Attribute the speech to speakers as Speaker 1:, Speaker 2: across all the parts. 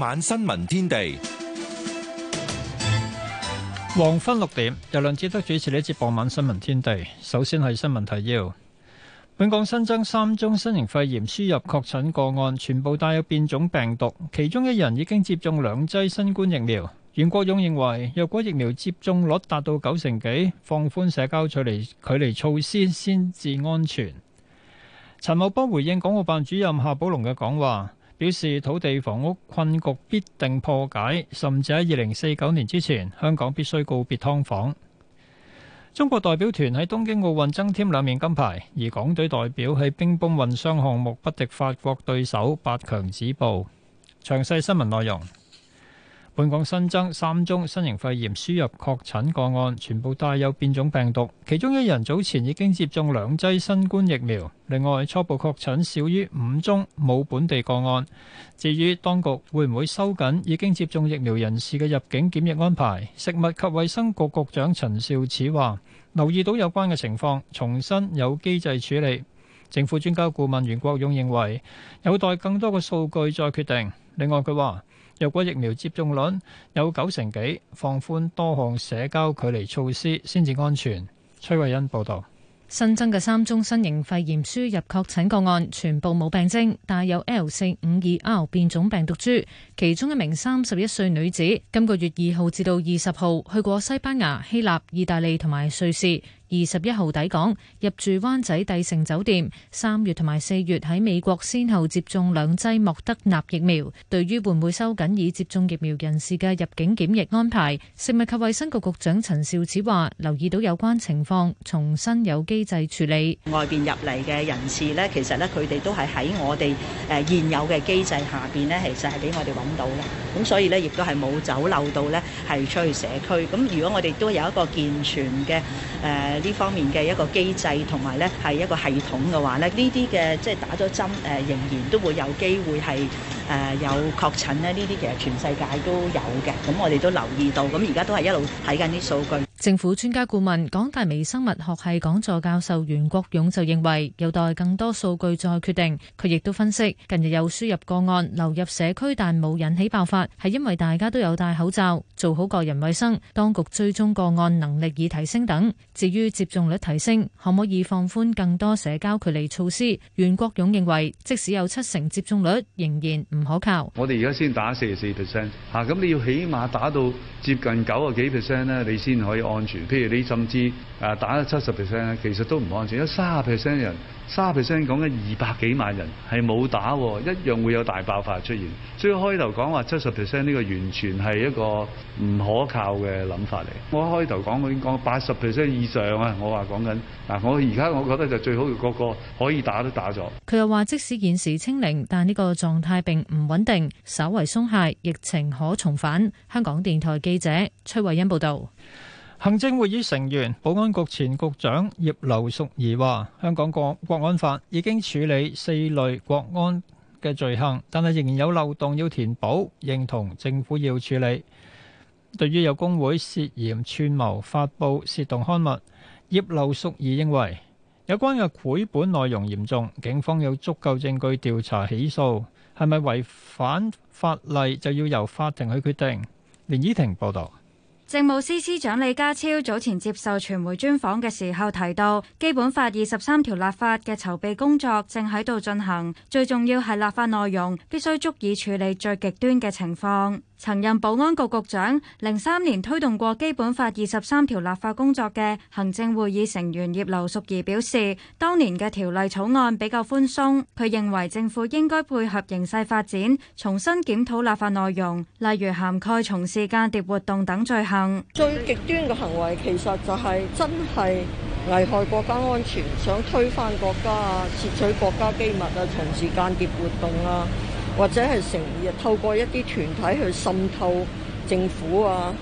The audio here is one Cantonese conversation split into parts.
Speaker 1: 晚新聞天地，黃昏六點，由梁志德主持呢一節傍晚新聞天地。首先係新聞提要，本港新增三宗新型肺炎輸入確診個案，全部帶有變種病毒，其中一人已經接種兩劑新冠疫苗。袁國勇認為，若果疫苗接種率達到九成幾，放寬社交距離距離措施先，先，先至安全。陳茂波回應港澳辦主任夏寶龍嘅講話。表示土地房屋困局必定破解，甚至喺二零四九年之前，香港必須告別劏房。中國代表團喺東京奧運增添兩面金牌，而港隊代表喺乒乓混雙項目不敵法國對手，八強止步。詳細新聞內容。本港新增三宗新型肺炎輸入確診個案，全部帶有變種病毒，其中一人早前已經接種兩劑新冠疫苗。另外，初步確診少於五宗，冇本地個案。至於當局會唔會收緊已經接種疫苗人士嘅入境檢疫安排？食物及衛生局局長陳肇始話，留意到有關嘅情況重新有機制處理。政府專家顧問袁國勇認為，有待更多嘅數據再決定。另外，佢話。若果疫苗接種率有九成幾，放寬多項社交距離措施先至安全。崔慧欣報道。
Speaker 2: 新增嘅三宗新型肺炎輸入確診個案，全部冇病徵，帶有 L 四五二 R 變種病毒株。其中一名三十一歲女子，今個月二號至到二十號去過西班牙、希臘、意大利同埋瑞士。二十一號抵港，入住灣仔帝盛酒店。三月同埋四月喺美國先後接種兩劑莫德納疫苗。對於會唔會收緊已接種疫苗人士嘅入境檢疫安排，食物及衛生局局長陳肇始話：留意到有關情況，重新有機制
Speaker 3: 處理外邊入嚟嘅人士呢，其實呢，佢哋都係喺我哋誒現有嘅機制下邊呢，其實係俾我哋揾到嘅。咁所以呢，亦都係冇走漏到呢，係出去社區。咁如果我哋都有一個健全嘅誒。呃呢方面嘅一個機制同埋咧係一個系統嘅話咧，呢啲嘅即係打咗針誒、呃，仍然都會有機會係誒、呃、有確診咧。呢啲其實全世界都有嘅，咁我哋都留意到，咁而家都係一路睇緊啲數據。政府專
Speaker 2: 家顧問、港大微生物學系講座教授袁國勇就認為有待更多數據再決定。佢亦都分析近日有輸入個案流入社區，但冇引起爆發，係因為大家都有戴口罩、做好個人衞生、當局追蹤個案能力已提升等。至於接種率提升可唔可以放寬更多社交距離措施，袁國勇認為即使有七成接種率，仍然唔可靠。
Speaker 4: 我哋而家先打四十四 percent，嚇咁你要起碼打到接近九十幾 percent 呢，你先可以安全，譬如你甚至啊打七十 percent，其實都唔安全。有三十 percent 人，三十 percent 講緊二百幾萬人係冇打，一樣會有大爆發出現。所以開頭講話七十 percent 呢個完全係一個唔可靠嘅諗法嚟。我開頭講已經講八十 percent 以上啊，我話講緊嗱。我而家我覺得就最好個個可以打都打咗。
Speaker 2: 佢又話，即使現時清零，但呢個狀態並唔穩定，稍為鬆懈，疫情可重返。香港電台記者崔慧欣報道。
Speaker 1: 行政會議成員、保安局前局長葉劉淑儀話：香港國國安法已經處理四類國安嘅罪行，但係仍然有漏洞要填補，認同政府要處理。對於有工會涉嫌串謀發布煽動刊物，葉劉淑儀認為有關嘅繪本內容嚴重，警方有足夠證據調查起訴，係咪違反法例就要由法庭去決定。連依婷報導。
Speaker 5: 政務司司長李家超早前接受傳媒專訪嘅時候提到，基本法二十三條立法嘅籌備工作正喺度進行，最重要係立法內容必須足以處理最極端嘅情況。曾任保安局局長，零三年推動過《基本法》二十三條立法工作嘅行政會議成員葉劉淑儀表示，當年嘅條例草案比較寬鬆。佢認為政府應該配合形勢發展，重新檢討立法內容，例如涵蓋從事間諜活動等罪行。最極端嘅行為其實就
Speaker 6: 係真係危害國家安全，想推翻國家啊，竊取國家機密啊，從事間諜活動啊。或者係成日透過一啲團體去滲透政府啊，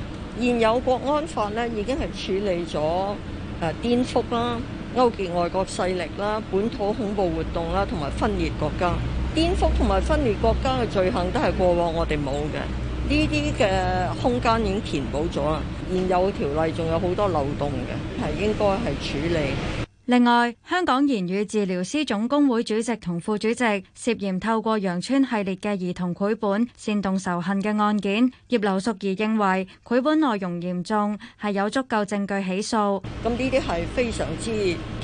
Speaker 6: 現有國安法呢，已經係處理咗誒顛覆啦、勾結外國勢力啦、本土恐怖活動啦，同埋分裂國家、顛覆同埋分裂國家嘅罪行都係過往我哋冇嘅，呢啲嘅空間已經填補咗啦。現有條例仲有好多漏洞嘅，係應該係處理。
Speaker 5: 另外，香港言語治療師總工會主席同副主席涉嫌透過羊村系列嘅兒童繪本煽動仇恨嘅案件，葉劉淑儀認為繪本內容嚴重，係有足夠證據起訴。
Speaker 6: 咁呢啲係非常之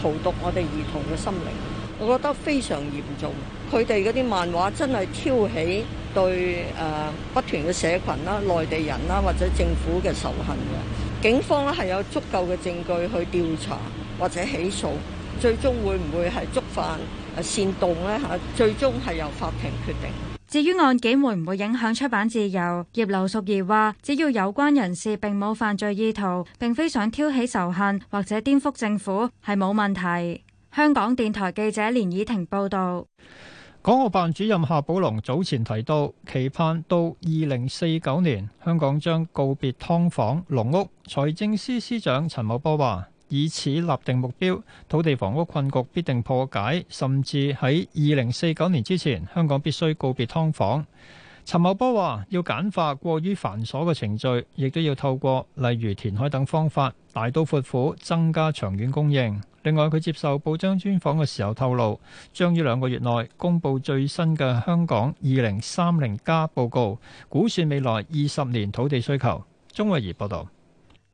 Speaker 6: 荼毒我哋兒童嘅心靈，我覺得非常嚴重。佢哋嗰啲漫畫真係挑起對誒不團嘅社群啦、內地人啦或者政府嘅仇恨嘅。警方咧係有足夠嘅證據去調查。或者起訴，最終會唔會係觸犯煽動呢？嚇、啊，最終係由法庭決定。
Speaker 5: 至於案件會唔會影響出版自由？葉劉淑儀話：只要有關人士並冇犯罪意圖，並非想挑起仇恨或者顛覆政府，係冇問題。香港電台記者連以婷報道。
Speaker 1: 港澳辦主任夏寶龍早前提到，期盼到二零四九年，香港將告別劏房、籠屋。財政司司司長陳茂波話。以此立定目標，土地房屋困局必定破解，甚至喺二零四九年之前，香港必須告別劏房。陳茂波話：要簡化過於繁瑣嘅程序，亦都要透過例如填海等方法，大刀闊斧增加長遠供應。另外，佢接受報章專訪嘅時候透露，將於兩個月內公布最新嘅香港二零三零加報告，估算未來二十年土地需求。鍾慧儀報道。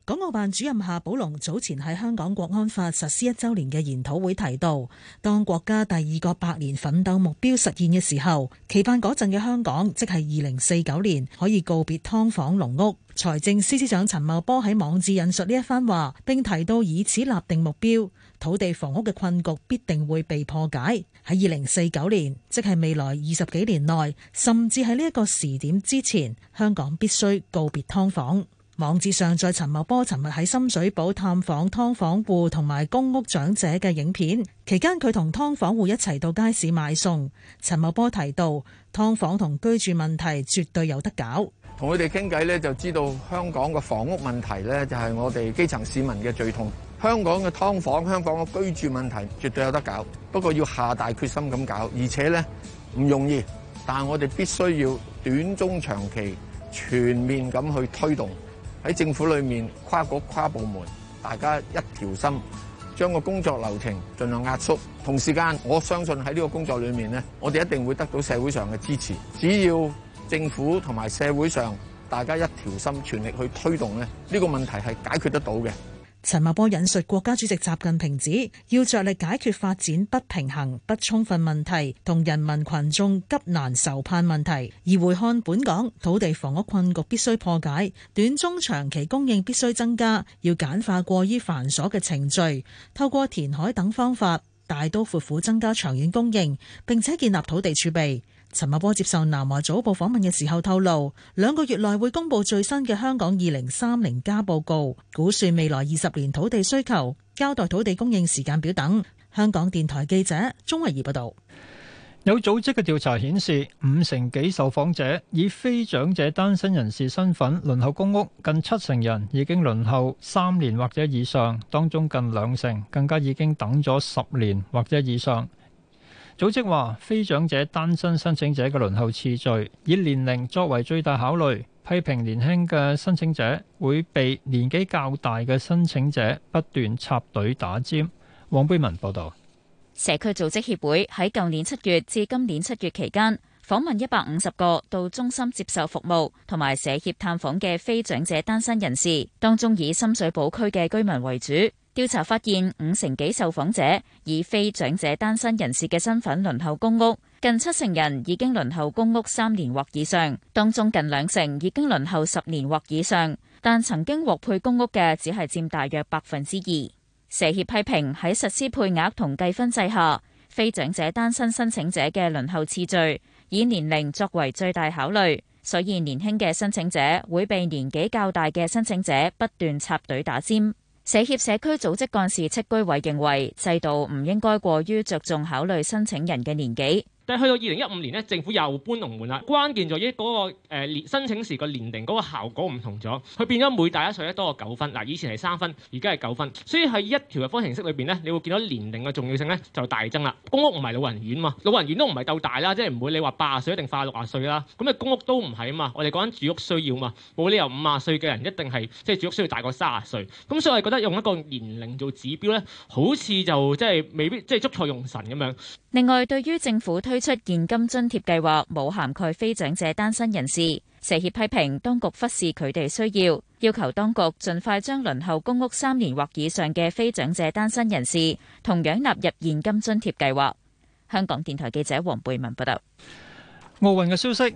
Speaker 3: 港澳辦主任夏寶龍早前喺香港國安法實施一周年嘅研討會提到，當國家第二個百年奮鬥目標實現嘅時候，期盼嗰陣嘅香港即係二零四九年可以告別㓥房、籠屋。財政司司長陳茂波喺網誌引述呢一番話，並提到以此立定目標，土地房屋嘅困局必定會被破解。喺二零四九年，即係未來二十幾年內，甚至喺呢一個時點之前，香港必須告別劏房。網誌上載陳茂波尋日喺深水埗探訪劏房戶同埋公屋長者嘅影片，期間佢同㓥房戶一齊到街市買餸。陳茂波提到，劏房同居住問題絕對有得搞。
Speaker 4: 同佢哋傾偈咧，就知道香港嘅房屋問題咧，就係我哋基層市民嘅最痛。香港嘅劏房、香港嘅居住問題絕對有得搞，不過要下大決心咁搞，而且咧唔容易，但係我哋必須要短、中、長期全面咁去推動。喺政府裏面跨國跨部門，大家一條心，將個工作流程盡量壓縮，同時間我相信喺呢個工作裏面咧，我哋一定會得到社會上嘅支持。只要政府同埋社會上大家一條心，全力去推動咧，呢、呢個問題，係解決得到嘅。
Speaker 3: 陳茂波引述國家主席習近平指，要着力解決發展不平衡、不充分問題同人民群眾急難愁盼問題。而回看本港，土地房屋困局必須破解，短中長期供應必須增加，要簡化過於繁瑣嘅程序，透過填海等方法，大刀闊斧增加長遠供應，並且建立土地儲備。陳茂波接受南華早報訪問嘅時候透露，兩個月內會公布最新嘅香港二零三零加報告，估算未來二十年土地需求，交代土地供應時間表等。香港電台記者鍾慧儀報道。
Speaker 1: 有組織嘅調查顯示，五成幾受訪者以非長者單身人士身份輪候公屋，近七成人已經輪候三年或者以上，當中近兩成更加已經等咗十年或者以上。組織話，非長者單身申請者嘅輪候次序以年齡作為最大考慮，批評年輕嘅申請者會被年紀較大嘅申請者不斷插隊打尖。黃貝文報導，
Speaker 7: 社區組織協會喺舊年七月至今年七月期間，訪問一百五十個到中心接受服務同埋社協探訪嘅非長者單身人士，當中以深水埗區嘅居民為主。調查發現，五成幾受訪者以非長者單身人士嘅身份輪候公屋，近七成人已經輪候公屋三年或以上，當中近兩成已經輪候十年或以上。但曾經獲配公屋嘅只係占大約百分之二。社協批評喺實施配額同計分制下，非長者單身申請者嘅輪候次序以年齡作為最大考慮，所以年輕嘅申請者會被年紀較大嘅申請者不斷插隊打尖。社協社區組織幹事戚居委認為，制度唔應該過於着重考慮申請人嘅年紀。
Speaker 4: 但係去到二零一五年咧，政府又搬龍門啦。關鍵在於嗰、嗰個、呃、申請時個年齡嗰個效果唔同咗，佢變咗每大一歲咧多個九分。嗱、呃，以前係三分，而家係九分，所以喺一條方程式裏邊咧，你會見到年齡嘅重要性咧就大增啦。公屋唔係老人院嘛，老人院都唔係鬥大啦，即係唔會你話八十歲一定快六啊歲啦。咁啊，公屋都唔係啊嘛，我哋講緊住屋需要啊嘛，冇理由五啊歲嘅人一定係即係住屋需要大過卅啊歲。咁所以我覺得用一個年齡做指標咧，好似就即係未必即係捉錯用神咁樣。
Speaker 7: 另外，對於政府推出現金津貼計劃冇涵蓋非長者單身人士，社協批評當局忽視佢哋需要，要求當局盡快將輪候公屋三年或以上嘅非長者單身人士同樣納入現金津貼計劃。香港電
Speaker 1: 台記者黃貝文報道。奧運嘅消息。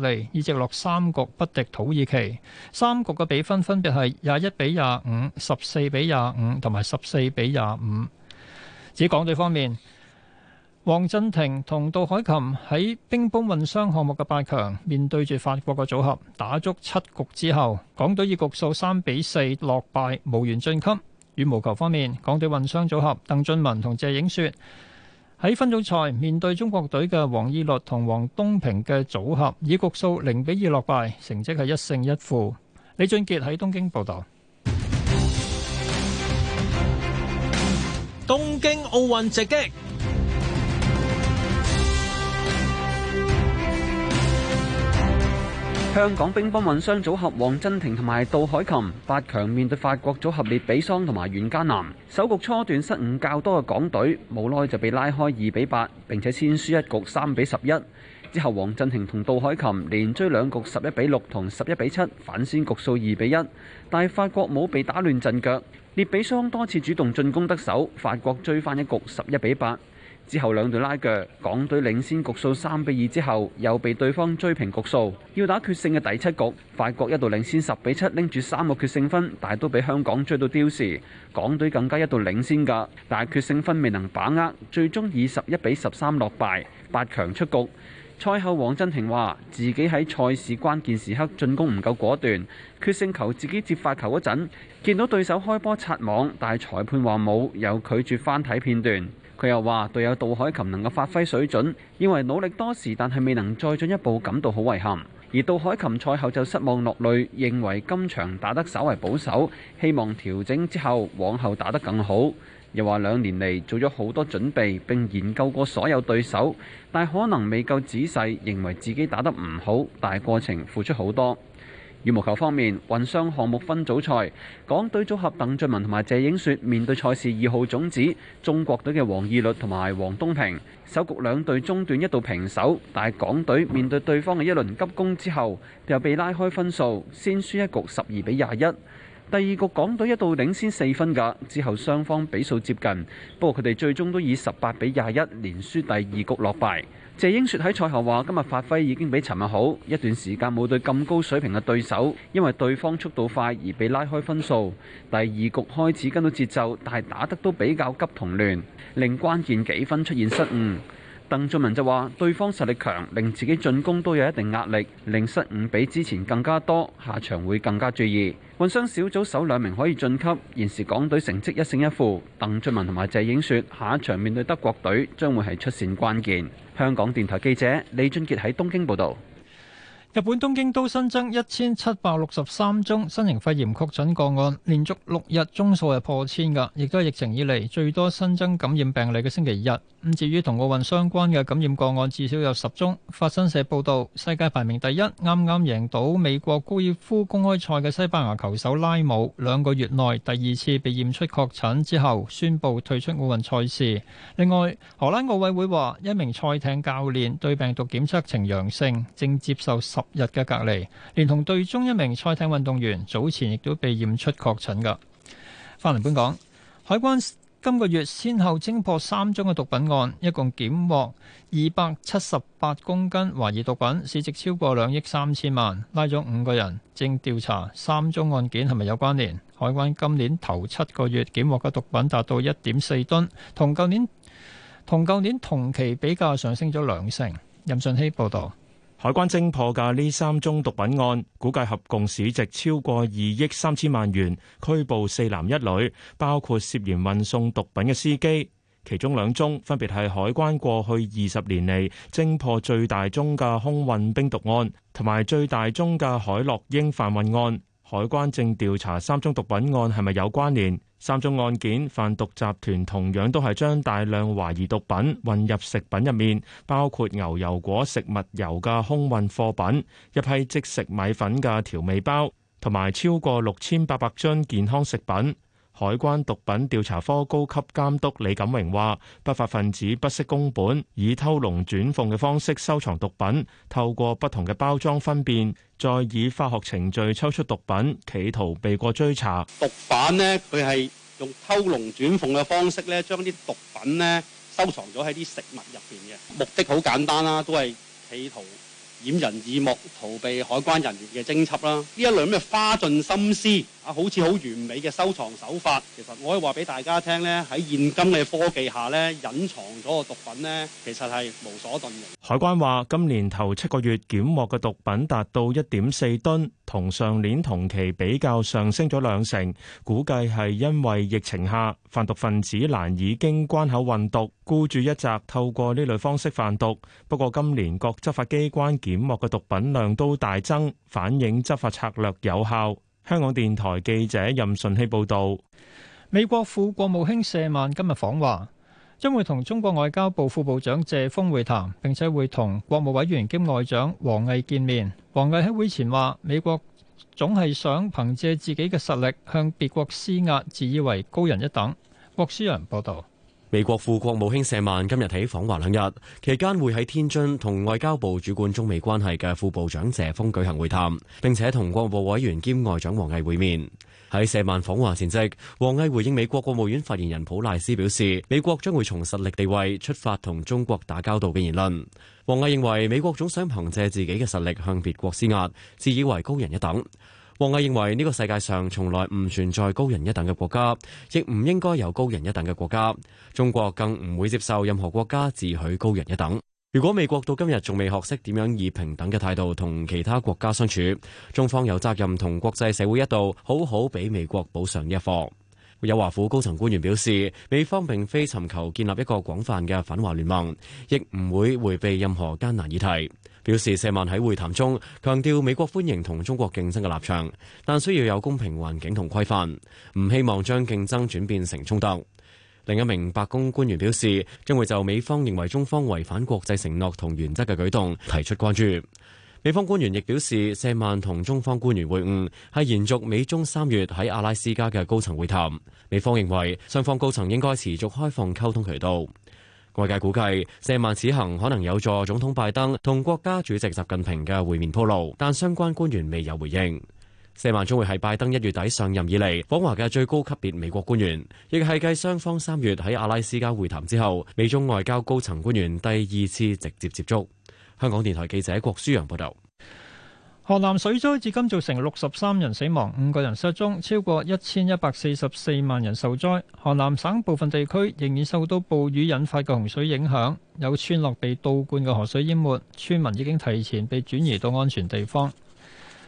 Speaker 1: 嚟以直落三局不敵土耳其，三局嘅比分分別係廿一比廿五、十四比廿五同埋十四比廿五。指港隊方面，黃鎮廷同杜海琴喺乒乓混雙項目嘅八強面對住法國嘅組合，打足七局之後，港隊以局數三比四落敗，無緣晉級。羽毛球方面，港隊混雙組合鄧俊文同謝影雪，喺分組賽面對中國隊嘅王懿律同黃東萍嘅組合，以局數零比二落敗，成績係一勝一負。李俊杰喺東京報道。
Speaker 5: 東京奧運直擊。
Speaker 8: 香港乒乓混雙組合王振廷同埋杜海琴八強面對法國組合列比桑同埋袁嘉楠，首局初段失誤較多嘅港隊，無奈就被拉開二比八，並且先輸一局三比十一。之後王振廷同杜海琴連追兩局十一比六同十一比七，反先局數二比一，但係法國冇被打亂陣腳，列比桑多次主動進攻得手，法國追翻一局十一比八。之後兩隊拉鋸，港隊領先局數三比二之後，又被對方追平局數，要打決勝嘅第七局。法國一度領先十比七，拎住三個決勝分，但係都俾香港追到丟時，港隊更加一度領先噶，但係決勝分未能把握，最終以十一比十三落敗，八強出局。賽後黃鎮，黃鎮廷話自己喺賽事關鍵時刻進攻唔夠果斷，決勝球自己接發球嗰陣見到對手開波擦網，但係裁判話冇，又拒絕翻睇片段。佢又話隊友杜凱琹能夠發揮水準，認為努力多時，但係未能再進一步，感到好遺憾。而杜凱琹賽後就失望落淚，認為今場打得稍為保守，希望調整之後，往後打得更好。又話兩年嚟做咗好多準備，並研究過所有對手，但可能未夠仔細，認為自己打得唔好，但係過程付出好多。羽毛球方面，混雙項目分組賽，港隊組合鄧俊文同埋謝影雪面對賽事二號種子中國隊嘅王懿律同埋黃東萍，首局兩隊中段一度平手，但係港隊面對對方嘅一輪急攻之後，又被拉開分數，先輸一局十二比廿一。第二局港隊一度領先四分噶，之後雙方比數接近，不過佢哋最終都以十八比廿一連輸第二局落敗。謝英雪喺賽後話今日發揮已經比尋日好，一段時間冇對咁高水平嘅對手，因為對方速度快而被拉開分數，第二局開始跟到節奏，但係打得都比較急同亂，令關鍵幾分出現失誤。鄧俊文就話：對方實力強，令自己進攻都有一定壓力，令失誤比之前更加多。下場會更加注意。混雙小組首兩名可以晉級，現時港隊成績一勝一負。鄧俊文同埋謝影雪：下一場面對德國隊將會係出線關鍵。香港電台記者李俊傑喺東京報道。
Speaker 1: 日本東京都新增一千七百六十三宗新型肺炎確診個案，連續六日宗數係破千噶，亦都係疫情以嚟最多新增感染病例嘅星期一。咁至於同奧運相關嘅感染個案，至少有十宗。法新社報道，世界排名第一、啱啱贏到美國高爾夫公開賽嘅西班牙球手拉姆，兩個月內第二次被驗出確診之後，宣布退出奧運賽事。另外，荷蘭奧委會話，一名賽艇教練對病毒檢測呈陽性，正接受十日嘅隔離，連同隊中一名賽艇運動員，早前亦都被驗出確診噶。翻嚟本港，海關，今個月先後偵破三宗嘅毒品案，一共檢獲二百七十八公斤懷疑毒品，市值超過兩億三千萬，拉咗五個人，正調查三宗案件係咪有關聯。海關今年頭七個月檢獲嘅毒品達到一點四噸，同舊年同舊年同期比較上升咗兩成。任信希報導。海關偵破嘅呢三宗毒品案，估計合
Speaker 4: 共市值超過二億三千萬元，拘捕四男一女，包括涉嫌運送毒品嘅司機。其中兩宗分別係海關過去二十年嚟偵破最大宗嘅空運冰毒案，同埋最大宗嘅海洛英販運案。海關正調查三宗毒品案係咪有關聯。三宗案件，販毒集團同樣都係將大量懷疑毒品混入食品入面，包括牛油果食物油嘅空運貨品、一批即食米粉嘅調味包，同埋超過六千八百樽健康食品。海關毒品調查科高級監督李錦榮話：不法分子不惜工本，以偷龍轉鳳嘅方式收藏毒品，透過不同嘅包裝分辨，再以化學程序抽出毒品，企圖避過追查。
Speaker 8: 毒販呢，佢係用偷龍轉鳳嘅方式咧，將啲毒品呢，收藏咗喺啲食物入邊嘅，目的好簡單啦，都係企圖掩人耳目，逃避海關人員嘅偵緝啦。呢一類咩花盡心思。啊！好似好完美嘅收藏手法，其實我可以話俾大家聽呢，喺現今嘅科技下呢，隱藏咗個毒品呢，其實係無所遁形。
Speaker 4: 海關話，今年頭七個月檢獲嘅毒品達到一點四噸，同上年同期比較上升咗兩成，估計係因為疫情下，販毒分子難以經關口運毒，孤注一擲，透過呢類方式販毒。不過今年各執法機關檢獲嘅毒品量都大增，反映執法策
Speaker 1: 略有效。香港電台記者任順希報道，美國副國務卿舍曼今日訪華，將會同中國外交部副部長謝鋒會談，並且會同國務委員兼外長王毅見面。王毅喺會前話，美國總係想憑借自己嘅實力向別國施壓，自以為高人一等。郭思陽報道。
Speaker 9: 美國副國務卿舍曼今日起訪華兩日，期間會喺天津同外交部主管中美關係嘅副部長謝鋒舉行會談，並且同國務委員兼外長王毅會面。喺舍曼訪華前夕，王毅回應美國國務院發言人普賴斯表示，美國將會從實力地位出發同中國打交道嘅言論。王毅認為，美國總想憑借自己嘅實力向別國施壓，自以為高人一等。王毅認為，呢個世界上從來唔存在高人一等嘅國家，亦唔應該有高人一等嘅國家。中國更唔會接受任何國家自詡高人一等。如果美國到今日仲未學識點樣以平等嘅態度同其他國家相處，中方有責任同國際社會一道好好俾美國補上一課。有華府高層官員表示，美方並非尋求建立一個廣泛嘅反華聯盟，亦唔會回避任何艱難議題。表示舍曼喺會談中強調美國歡迎同中國競爭嘅立場，但需要有公平環境同規範，唔希望將競爭轉變成衝突。另一名白宮官員表示，將會就美方認為中方違反國際承諾同原則嘅舉動提出關注。美方官員亦表示，舍曼同中方官員會晤係延續美中三月喺阿拉斯加嘅高層會談，美方認為雙方高層應該持續開放溝通渠道。外界估計，舍曼此行可能有助總統拜登同國家主席習近平嘅會面鋪路，但相關官員未有回應。舍曼將會係拜登一月底上任以嚟訪華嘅最高級別美國官員，亦係繼雙方三月喺阿拉斯加會談之後，美中外交高層官員第二次直接接觸。香港電台記者郭舒揚報道。
Speaker 1: 河南水災至今造成六十三人死亡，五個人失蹤，超過一千一百四十四萬人受災。河南省部分地區仍然受到暴雨引發嘅洪水影響，有村落被倒灌嘅河水淹沒，村民已經提前被轉移到安全地方。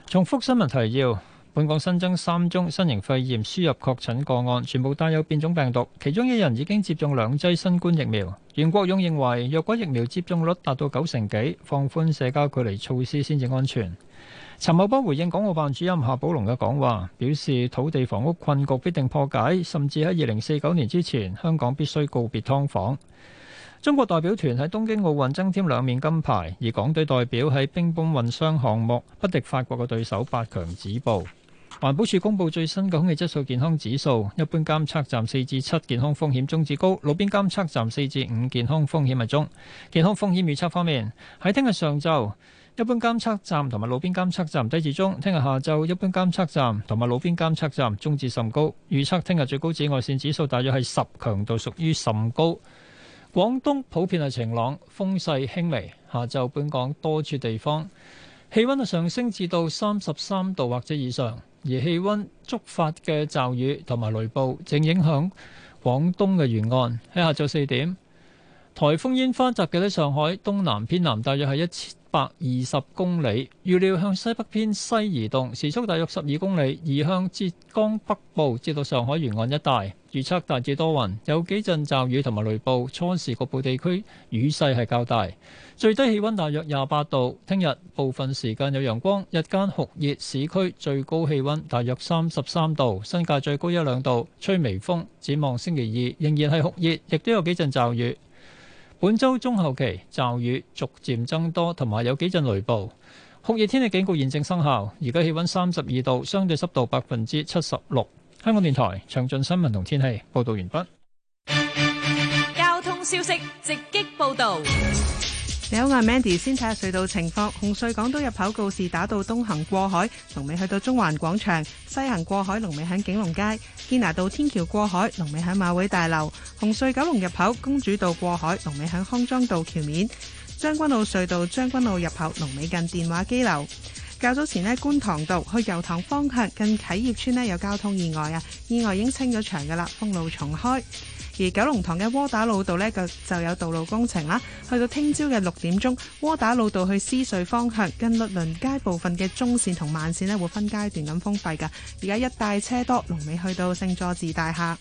Speaker 1: 重複新聞提要：本港新增三宗新型肺炎輸入確診個案，全部帶有變種病毒，其中一人已經接種兩劑新冠疫苗。袁國勇認為，若果疫苗接種率達到九成幾，放寬社交距離措施先至安全。陳茂波回應港澳辦主任夏寶龍嘅講話，表示土地房屋困局必定破解，甚至喺二零四九年之前，香港必須告別劏房。中國代表團喺東京奧運增添兩面金牌，而港隊代表喺冰壺混雙項目不敵法國嘅對手，八強止步。環保署公布最新嘅空氣質素健康指數，一般監測站四至七健康風險中至高，路邊監測站四至五健康風險係中。健康風險預測方面，喺聽日上晝。一般監測站同埋路邊監測站低至中，聽日下晝一般監測站同埋路邊監測站中至甚高。預測聽日最高紫外線指數大約係十，強度屬於甚高。廣東普遍係晴朗，風勢輕微。下晝本港多處地方氣温上升至到三十三度或者以上，而氣温觸發嘅驟雨同埋雷暴正影響廣東嘅沿岸。喺下晝四點，颱風煙花集結喺上海東南偏南，大約係一千百二十公里，預料向西北偏西移動，時速大約十二公里，移向浙江北部至到上海沿岸一帶。預測大致多雲，有幾陣驟雨同埋雷暴，初時局部地區雨勢係較大。最低氣溫大約廿八度。聽日部分時間有陽光，日間酷熱，市區最高氣溫大約三十三度，新界最高一兩度，吹微風。展望星期二仍然係酷熱，亦都有幾陣驟雨。本周中後期驟雨逐漸增多，同埋有，有幾陣雷暴。酷熱天氣警告現正生效。而家氣温三十二度，相對濕度百分之七十六。香港電台詳盡新聞同天氣報道完畢。
Speaker 2: 交通消息直擊報道。
Speaker 10: 你好，我係 Mandy 先睇下隧道情況。紅隧港島入口告士打道東行過海，龍尾去到中環廣場；西行過海，龍尾喺景隆街。堅拿道天橋過海，龍尾喺馬會大樓。紅隧九龍入口公主道過海，龍尾喺康莊道橋面。將軍澳隧道將軍澳入口，龍尾近電話機樓。較早前咧，觀塘道去油塘方向近啟業村咧有交通意外啊！意外已經清咗場噶啦，封路重開。而九龍塘嘅窩打老道呢，就就有道路工程啦。去到聽朝嘅六點鐘，窩打老道去獅隧方向，近律倫街部分嘅中線同慢線咧會分階段咁封閉噶。而家一帶車多，龍尾去到聖佐治大廈。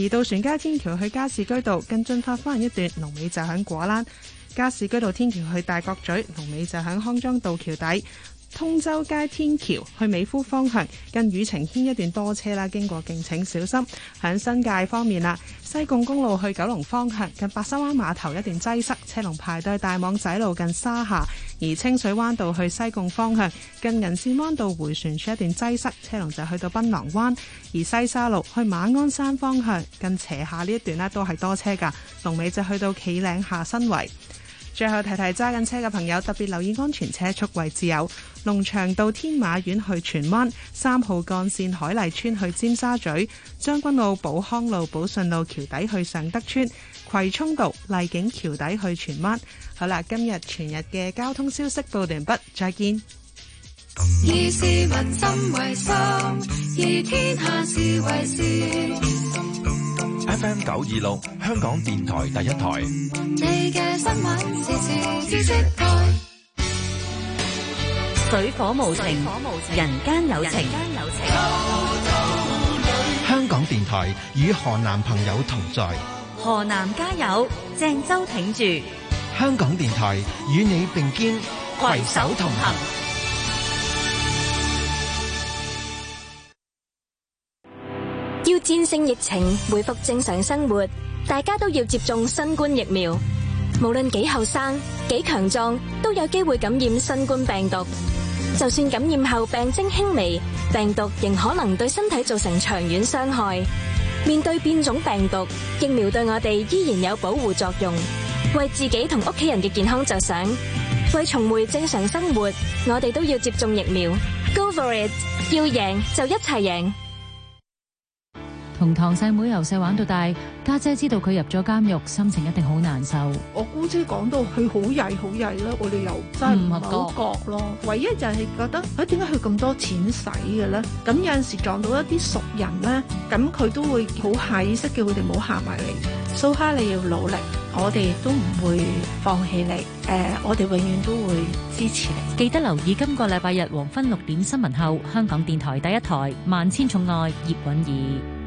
Speaker 10: 而渡船街天橋去加士居道，近駿發花園一段龍尾就響果欄；加士居道天橋去大角咀，龍尾就響康莊道橋底。通州街天橋去美孚方向，近雨晴軒一段多車啦，經過敬請小心。響新界方面啦，西貢公路去九龍方向，近白沙灣碼頭一段擠塞，車龍排到大網仔路近沙下。而清水灣道去西貢方向，近銀線灣道回旋處一段擠塞，車龍就去到檳榔灣。而西沙路去馬鞍山方向，近斜下呢一段咧都係多車噶，龍尾就去到企嶺下新圍。最後提提揸緊車嘅朋友，特別留意安全車速，位置有：龍翔道天馬苑去荃灣、三號幹線海麗村去尖沙咀、將軍澳寶康路、寶順路橋底去尚德村、葵涌道荔景橋底去荃灣。好啦，今日全日嘅交通消息報完不，再見。
Speaker 5: 以市民心為心，以天下事為事。
Speaker 8: FM 九二六，26，香港電臺第一台。
Speaker 4: 姿姿姿
Speaker 8: 水火無情，
Speaker 4: 無情人
Speaker 7: 間有情。
Speaker 4: 香港電臺與河南朋友同在，
Speaker 7: 河南加油，鄭州挺住。香港電
Speaker 4: 臺與你並肩，携手同
Speaker 7: 行。
Speaker 5: 戰勝疫情，回復正常生活，大家都要接種新冠疫苗。無論幾後生、幾強壯，都有機會感染新冠病毒。就算感染後病徵輕微，病毒仍可能對身體造成長遠傷害。面對變種病毒，疫苗對我哋依然有保護作用。為自己同屋企人嘅健康着想，為重回正常生活，我哋都要接種疫苗。Go for it！要贏就一齊贏。
Speaker 2: 同堂細妹由細玩到大，家姐知道佢入咗監獄，心情一定好難受。
Speaker 10: 我姑姐講到佢好曳，好曳啦。我哋又真係唔係好覺咯。唯一就係覺得，哎，點解佢咁多錢使嘅咧？咁有陣時撞到一啲熟人咧，咁佢都會好下意識叫佢哋唔好行埋嚟。蘇蝦，你要努力，我哋都唔會放棄你。誒，我哋永遠都會支持你。
Speaker 2: 記得留意今個禮拜日黃昏六點新聞後，香港電台第一台《萬千寵愛》葉蘊儀。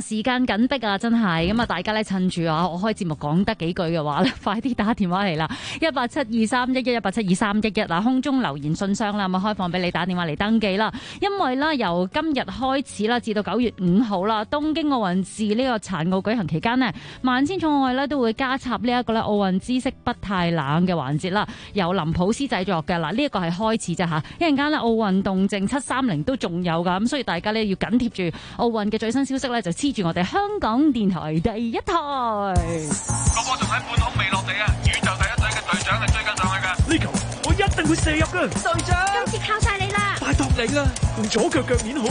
Speaker 2: 時間緊迫啊，真係咁啊！大家咧趁住啊，我開節目講得幾句嘅話咧， 快啲打電話嚟啦！一八七二三一一一八七二三一一啊，空中留言信箱啦，咁啊開放俾你打電話嚟登記啦。因為咧由今日開始啦，至到九月五號啦，東京奧運至呢個殘奧舉行期間呢，萬千寵愛咧都會加插呢一個咧奧運知識不太冷嘅環節啦。由林普斯製作嘅嗱，呢一個係開始啫吓，一陣間咧奧運動靜七三零都仲有噶，咁所以大家呢，要緊貼住奧運嘅最新消息呢。就。黐住我哋香港電台第一台。個波仲
Speaker 8: 喺半空未落地啊！宇宙第一
Speaker 9: 隊嘅隊長係追緊上去㗎。呢球我一定會射入㗎。隊長，今次靠晒你啦！拜託你啦！用左腳腳面好，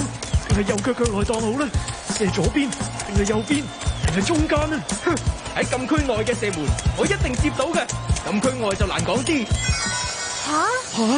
Speaker 9: 定係右腳腳內蕩好咧？射左邊定係右邊，定係中間啊？哼！喺禁區
Speaker 4: 內嘅射門，我一定接到嘅。禁區外就難講啲。吓？